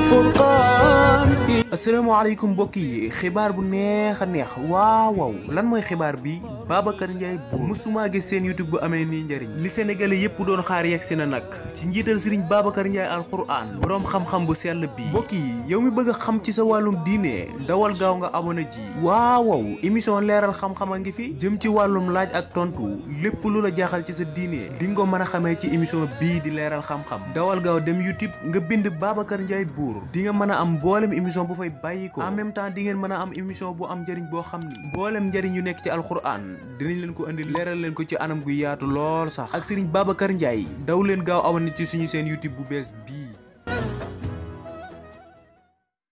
الفرقان Assalamualaikum Boki, yi xibaar bu neex neex waaw waaw lan moy xibar bi Babacar Ndiaye bu musuma gis sen youtube bu amé ni ndariñ li sénégalais yépp doon xaar yegg sina nak ci njital serigne Babacar Ndiaye alquran borom xam-xam bu sel bi bokki yow mi bëgg xam ci sa walum diiné dawal gaaw nga abonné ji waaw waaw émission leeral xam-xam nga fi jëm ci walum laaj ak tontu lépp lu la jaxal ci sa diiné di nga mëna xamé ci émission bi di leeral xam-xam dawal gaaw dem youtube nga bind Babacar Ndiaye buur di nga mëna am émission bu fay bàyyi ko en même temps a am émission bu am njëriñ boo xam ni mboolem njëriñ yu nekk ci alxuraan dinañ leen ko indi leeral leen ko ci anam gu yaatu lool sax ak sëriñ Babacar Ndiaye daw leen gaaw abonné ci suñu seen YouTube bu bees bii